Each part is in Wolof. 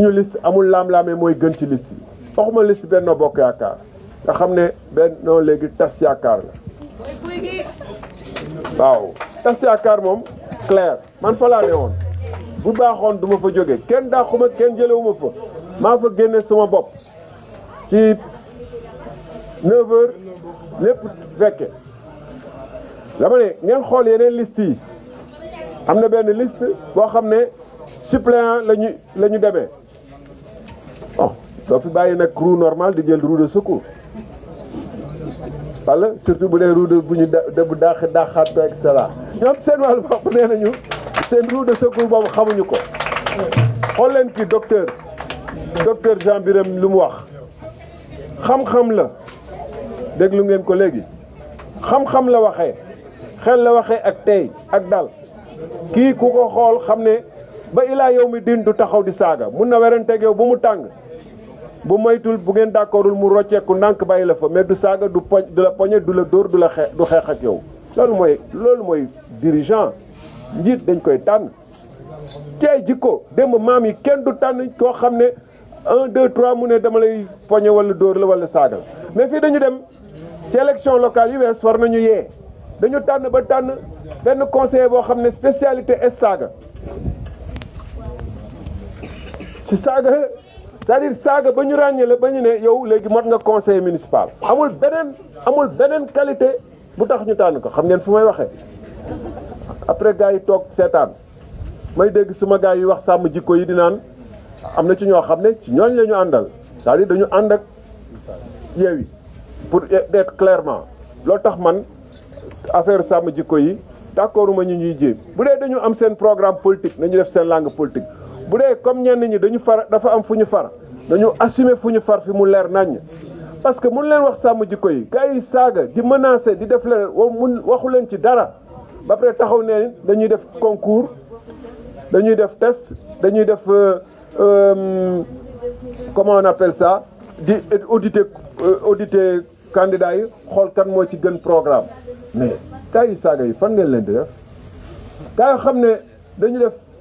suñu liste amul lam lamé moy gën ci liste bi waxuma liste Benno Bokk Yaakaar nga xamné ne Benno légui tas yaakaar la waaw tas yaakaar mom clair man fa la ne bu baxone duma fa joggé jóge da xuma kenn jëlewuma fa ma fa génné sama bop ci 9 h lépp fekke dama né ngeen xol yeneen liste yi amna na benn liste bo xamné suppléant lañu lañu la bon doo fi bàyyi nag roue normal di jël roue de secours wala surtout bu dee roue de bu ñu da bu daax daaxaat ko et ñoom seen wàllu bopp nee nañu seen roue de secours boobu xamuñu ko xool leen ki docteur docteur Jean Birame lu mu wax xam-xam la déglu ngeen ko léegi xam-xam la waxee xel la waxee ak tey ak dal kii ku ko xool xam ne ba ilaa yow mi din du taxaw di saaga mun na weranteeg yow bu mu tàng bu moytul bu ngeen d'accordul mu rocceeku ndànk bàyyi la fa mais du saga du poñ du la poñe du la dor du la xé du xeex ak yow loolu moy loolu moy dirigeant nit dañ koy tan tay jikko dem maam yi kenn du tan ko xamné 1 2 3 mu né dama lay poñe wala dor la wala saga mais fi dañu dem ci élection locale yi wees war nañu yé dañu tan ba tan ben conseiller bo xamné spécialité est saga ci saga c'est-à-dire saaga ba ñu ràññee la ba yow léegi mot nga conseil municipal amul benen, amul benen qualité bu tax ñu tànn ko xam ngeen fu may waxee après gars yi toog may dégg suma gars yi wax sàmm jikko yi di naan am na ci ñoo xam ne ci ñooñ la ñu àndal c'est-à-dire dañu ànd ak Yewwi pour être clairement loolu tax man affaire sàmm jikko yi d'accorduma ñu ñuy jéem bu dee dañu am seen programme politique nañu def seen langue politique bu comme ñenn ñi dañu far dafa am fuñu far dañu assumer fuñu far fi mu leer nañ parce que mun leen wax sàmm jikko yi gars saga di menacer di def leen waxu leen ci dara ba après taxaw ne dañuy def concours dañuy def test dañuy def euh, euh comment on appelle ça di auditer euh, auditer candidat yi xol kan mo ci gën programme mais gars saga yi fan ngeen leen di def gars yi xam dañu def.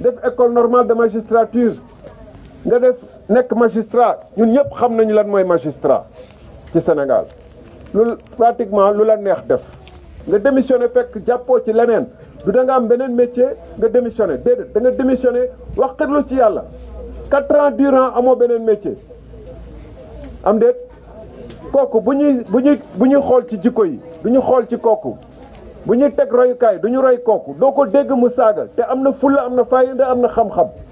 def école normale de magistrature nga def nek magistrat ñun ñep xam nañu lan moy magistrat ci Sénégal lu pratiquement lu la neex def nga démissioner fekk jappo ci leneen du da nga am benen métier nga démissionné déedéet da nga démissioner wax xetlu ci yalla 4 ans durant amo benen métier am déet kooku buñuy buñuy buñuy xol ci jikko yi du xol ci kooku bu ñu teg royukaay du ñu roy kooku doo ko dégg mu saaga te am na fulla am na fayda am na xam-xam